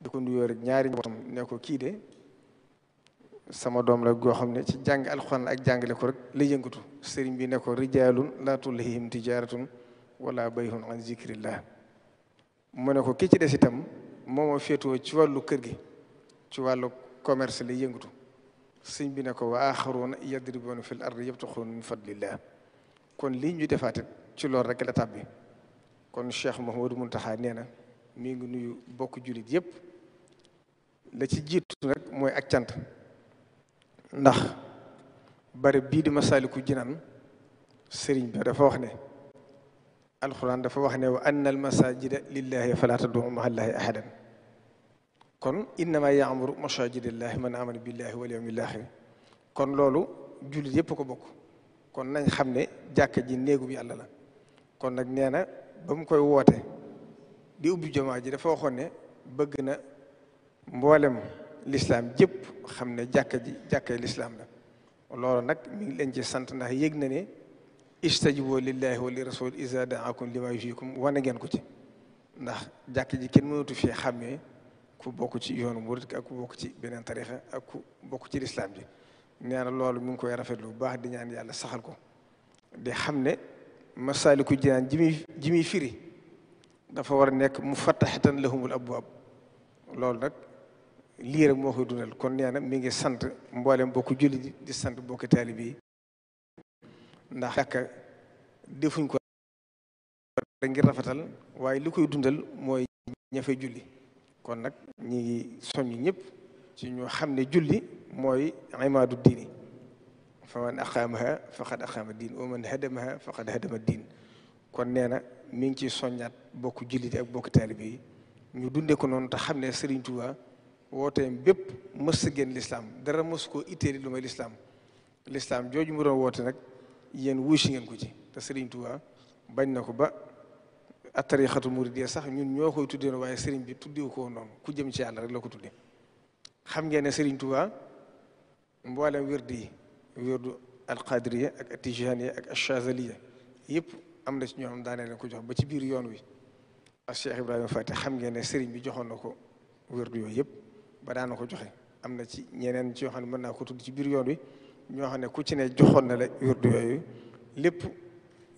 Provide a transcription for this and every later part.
di ko nuyoo rek ñaari njabootam ne ko kii de sama doom la goo xam ne ci jàng alxuraan ak jàngale ko rek la yëngatu sëriñ bi ne ko rijaalun laa tulhihim tijaaratun wala bayhun an zikrillah mu ne ko kii ci des itam mooma féetoo ci wàllu kër gi ci wàllu commerce la yëngatu sëriñ bi ne ko wa axaruuna yadribuuna fil ardi yabtaxuuna min fadlillah kon lii ñu defaate ci loolu rek la tàbbi kon Cheikh Mouhamadou Mountakha nee na mi ngi nuyu bokk jullit yépp la ci jiitu rek mooy ak cant ndax bari bii di Masaalikul Jinaan sëriñ bi dafa wax ne alxuraan dafa wax ne wa anna almasajida lillahi falaa tad'u ma'a llaahi ahadan kon innama ya'muru masajidallahi man amana billahi wal yawmil axir kon loolu jullit yépp ko bokk kon nañ xam ne jàkka ji néegu bi yàlla la kon nag nee na ba mu koy woote di ubbi jumaa ji dafa waxoon ne bëgg na mboolem lislaam jëpp xam ne jàkka ji jàkkay lislaam la loolu nag mi ngi leen ci sant ndax yëg na ne istajibo lillahi wa li rasul isa daakum lima yufikum wane ngeen ko ci ndax jàkk ji kenn mënatu fee xàmmee ku bokk ci yoonu murit ak ku bokk ci beneen tarixa ak ku bokk ci lislaam ji nee loolu mu ngi koy rafetlu bu baax di ñaan yàlla saxal ko di xam ne masaaliku jinaan ji muy ji muy firi dafa war a nekk mu fattaxatan lahumul ab loolu nag lii moo koy dundal kon nee na mi ngi sant mboolem bokk jullit ji di sant bokk taalibe yi ndax jàkka defuñ ko rek ngir rafetal waaye li koy dundal mooy ña julli kon nag ñi ngi soññ ñëpp ci ñu xam ne julli mooy imaadu diini fa man aqaamaha faqad aqaama diin wa man hadamaha faqad hadama diin kon nee na mi ngi ciy soññaat bokku jullit yi ak bokki taalibe yi ñu dunde ko noonu te xam ne Sëriñ wooteem bépp mës sa génn lislaam dara mës koo itteeli lu may lislaam lislaam jooju mu doon woote nag yéen wuusi ngeen ko ci te Sëriñ Tuubaa bañ na ko ba at-tariqatu muridiyya sax ñun ñoo koy tuddee na waaye sëriñ bi tuddewu ko noonu ku jëm ci yàlla rek la ko tuddee xam ngeen ne Sëriñ Tuubaa mboolem wérdi yi wérdu alqadiriya ak atijaniya ak achazaliya yëpp am na ci ñoom xam daanee leen ko jox ba ci biir yoon wi ak Cheikh Ibrahima Fati xam ngeen ne sëriñ bi joxoon na ko wérdu yooyu yëpp ba daana ko joxe am na ci ñeneen ci yoo xam ne mën naa ko tudd ci biir yoon wi ñoo xam ne ku ci ne joxoon na la wirdu yooyu lépp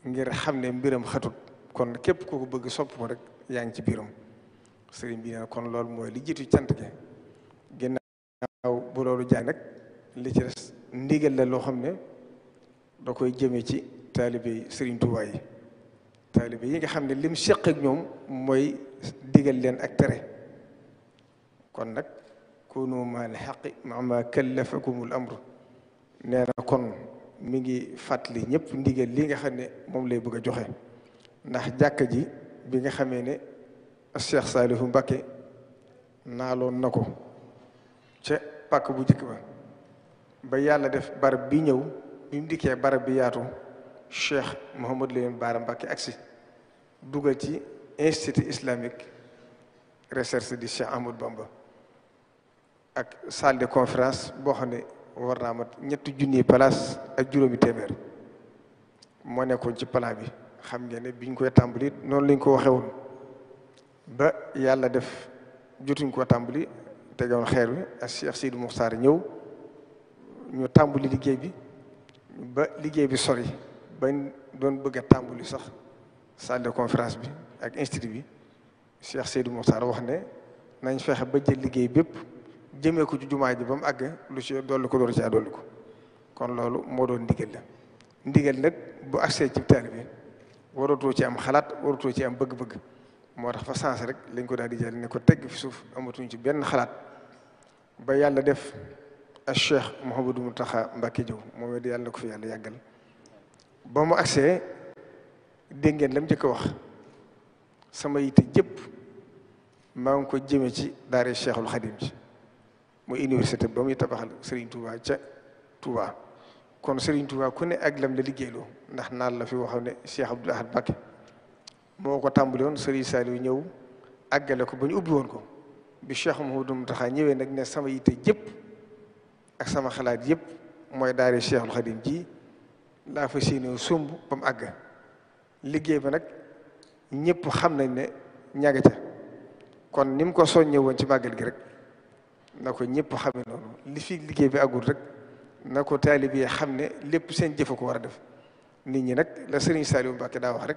ngir xam ne mbiram xatut kon képp ku ko bëgg sopp ko rek yaa ngi ci biiram sëriñ bi ne kon loolu mooy li jiitu cant gi ginnaaw bu loolu jaay nag li ci des la loo xam ne da koy jëmee ci taalibe yi sëriñ Tuubaa yi yi nga xam ne lim seq ak ñoom mooy digal leen ak tere kon nag kunu ma alxaqi ma ma kallafakum al amru nee na kon mi ngi fàttali ñëpp ndigal li nga xam ne moom lay bëgg a joxe ndax jàkka ji bi nga xamee ne Cheikh Saliou Mbacké naaloon na ko ca pàkk bu njëkk ba ba yàlla def barab bi ñëw bi mu barab bi yaatu Cheikh Mouhamadou Lamine Bara Mbacké agsi dugal ci institut islamique recherche di Cheikh Ahmadou Bamba ak salle de conférence boo xam ne war naa mat ñetti junni place ak juróomi téeméer moo nekkoon ci plan bi xam ngeen ne biñ koy tàmbali noonu lañ ko waxewul ba yàlla def jotuñ koo tàmbali tegoon xeer bi ak Cheikh Sidou ñëw ñu tàmbali liggéey bi ba liggéey bi sori bañ doon bëgg a tàmbali sax salle conférence bi ak institut bi Cheikh Sidou Moukhtar wax ne nañ fexe ba jël liggéey bépp. jëmee ko ci jumaa ji ba mu àgg lu ci dolli ko door caa dolli ko kon loolu moo doon ndigal la ndigal nag bu agsee ci taalibe bi ci am xalaat waratoo ci am bëgg-bëgg moo tax fa sens rek lañ ko daal di jël ne ko tegg fi suuf amatuñ ci benn xalaat ba yàlla def a cheikh Mouhamadou Mountakha Mbacké Diop moom it yàlla na ko fi yàlla yàggal ba mu agsee dégg ngeen la mu njëkk wax sama yitte jëpp maa ngi ko jëme ci daara cheikhul xadim ci mooy université ba muy tabaxal Serigne Touba ca Touba kon sëriñ Touba ku ne ak lam la liggéeyloo ndax naan la fi waxaw ne Cheikh Abdoul ba Mbacké moo ko tàmbali woon Serigne Saliou ñëw àggale ko ba ñu ubbi woon ko bi Cheikh Mouhamadou Mountakha ñëwee nag ne sama yitte yëpp ak sama xalaat yëpp mooy daare Cheikhul Khadim ji laa fa séenoo sumb ba mu àgg liggéey ba nag ñëpp xam nañ ne ñaga kon ni mu ko soññee woon ci màggal gi rek. na ko ñëpp xame noonu li fi liggéey bi agul rek na ko taalib yi xam ne lépp seen jëfa ko war a def nit ñi nag la Serigne Saliou Mbacké daa wax rek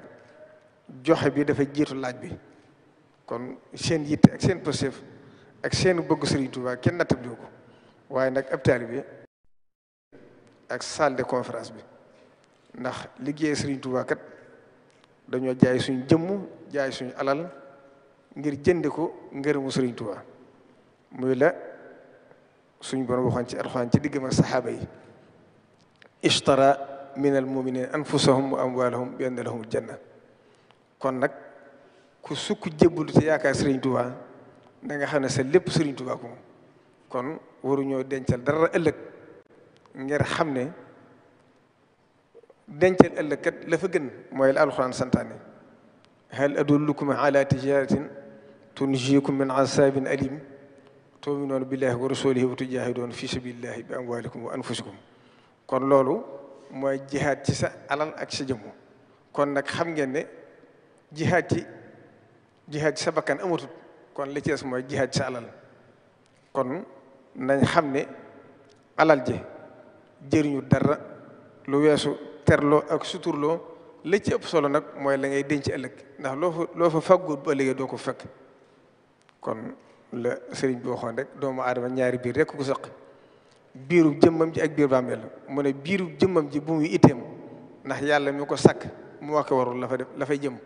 joxe bi dafa jiitu laaj bi kon seen yitte ak seen pëstéef ak seen bëgg Serigne Touba kenn nattab joo ko waaye nag ab taalib ak salle de bi ndax liggéey Serigne Touba kat dañoo jaay suñ jëmm jaay suñu alal ngir jënd ko ngërëmu Serigne Touba muy la suñ borom waxoon ci alxuraan ci diggam ak saxaaba yi ishtara min al muminin wa amwalahum bi janna kon nag ku sukk jébbalu te yaakaar sëriñ tubaa da xam ne sa lépp sëriñ tubaa ko moom kon waruñoo dencal dara ëllëg ngir xam ne dencal ëllëg kat la gën mooy la alxuraan santaane hal adullukum ala tijaratin tunjikum min asabin alim tu'minuuna billaahi wa rasuulihi wa tujaahiduuna fi sabilillaahi bi amwaalikum wa anfusikum kon loolu mooy jihaad ci sa alal ak sa jëmm kon nag xam ngeen ne jihaad ci jihaad sa bakkan amatut kon li ci mooy jihaad sa alal kon nañ xam ne alal ji jëriñu dara lu weesu terloo ak suturloo li ci ëpp solo nag mooy la ngay denc ëllëg ndax loo fa loo fa fàggoot bu ëllëgee doo ko fekk kon la sëriñ bi waxoon rek doomu adama ñaari biir rek ko saq biiru jëmmam ji ak biir bàmmeel mu ne biiru jëmmam ji bu muy itteem ndax yàlla mi ko sàkk mu wax ko warul la fa def la jëm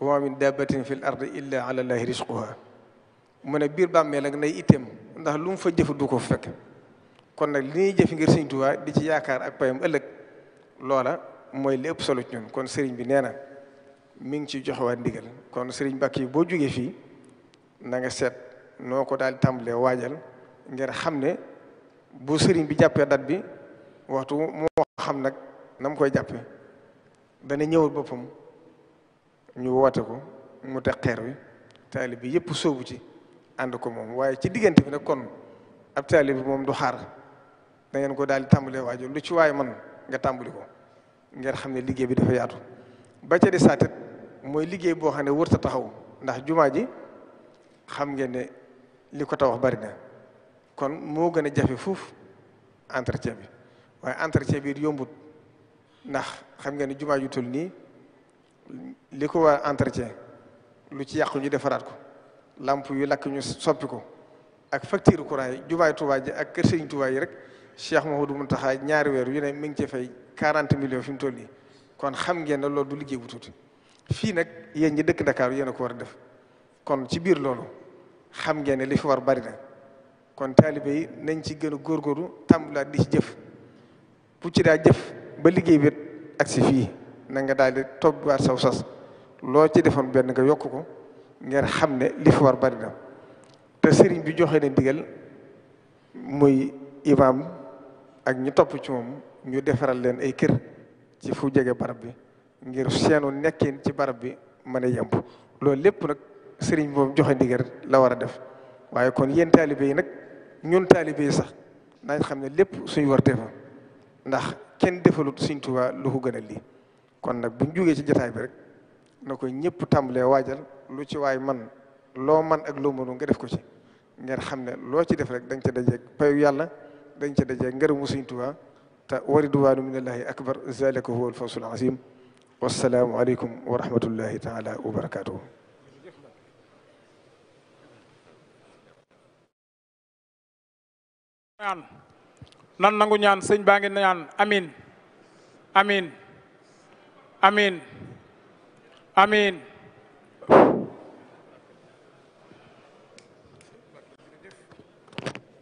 wa ma min dabbatin fil mu ne biir bàmmeel ak nay itteem ndax lu mu fa jëf du ko fekk kon nag li ñuy jëf ngir sëriñ di ci yaakaar ak payam ëllëg loola mooy li solo ci ñun kon sëriñ bi nee na mi ngi ci joxewaat ndigal kon sëriñ Mbàkke yi boo jógee fii nanga seet noo ko daal di tàmbalee waajal ngir xam ne bu sëriñ bi jàppee dat bi waxtu moo xam nag na mu koy jàppee dana ñëwal boppam ñu woote ko mu teg xeer wi taalib bi yëpp sóobu ci ànd ko moom waaye ci diggante bi nag kon ab taalib bi moom du xaar da ko daal di tàmbalee waajal lu ci waay man nga tàmbali ko ngeen xam ne liggéey bi dafa yaatu ba ca di mooy liggéey boo xam ne wërta taxaw ndax jumaa ji xam ngeen ne li ko taw wax bari na kon moo gën a jafe fuuf entretien bi waaye entretien bi yombut ndax xam ngeen ne jumaa ju toll nii li ko war entretien lu ci yàqu ñu defaraat ko lamp yi lakk ñu soppi ko ak facture courant yi jumaay Tuubaa ji ak kër Sëriñ Tuubaa yi rek Cheikh Mouhamadou Mountakha ñaari weer yu ne mi ngi ci fay 40 millions fi mu toll nii kon xam ngeen ne loolu du liggéey bu tuuti fii nag yéen ñi dëkk Dakar yéen a ko war a def kon ci biir loolu xam ngeen ne li fi war bari na kon taalibe nañ ci gën a góorgóorlu tàmbulaat di ci jëf bu ci daa jëf ba liggéey bi ak si fii na nga daal di tobbiwaat saw sas loo ci defoon benn nga yokk ko ngir xam ne li fi war bari na te sëriñ bi joxe na digal muy imaam ak ñu topp ci moom ñu defaral leen ay kër ci fu jege barab bi ngir seenu nekkin ci barab bi mën a yemb loolu lépp nag sëriñ boobu joxe ndigal la war a def waaye kon yéen taalibe yi nag ñun taalibe yi sax nañ xam ne lépp suñu warte fa ndax kenn defalut Sëriñ Tuubaa lu ko gënal li kon nag buñ jógee ci jataay bi rek na koy ñëpp tàmbalee waajal lu ci waay man loo man ak loo mënul nga def ko ci ngeen xam ne loo ci def rek dañ ca dajeeg payu yàlla dañ ca dajeeg ngërëmu suñ Tuubaa te waridwaanu minallahi akbar zalika huwa alfawsul azim wassalaamu aleykum wa rahmatullahi taala wa barakatuhu ñaan nan nangu ñaan sëñ baa ngi ñaan amin amin amin amin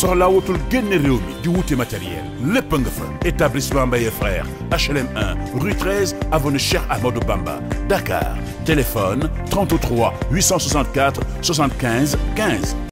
soxlaa wutul génn réew di wuti matériel lépp nga fa établissement Mbaye frère HLM 1 rue 13 avenue Cheikh Amadou Bamba Dakar téléphone 33 864 75 15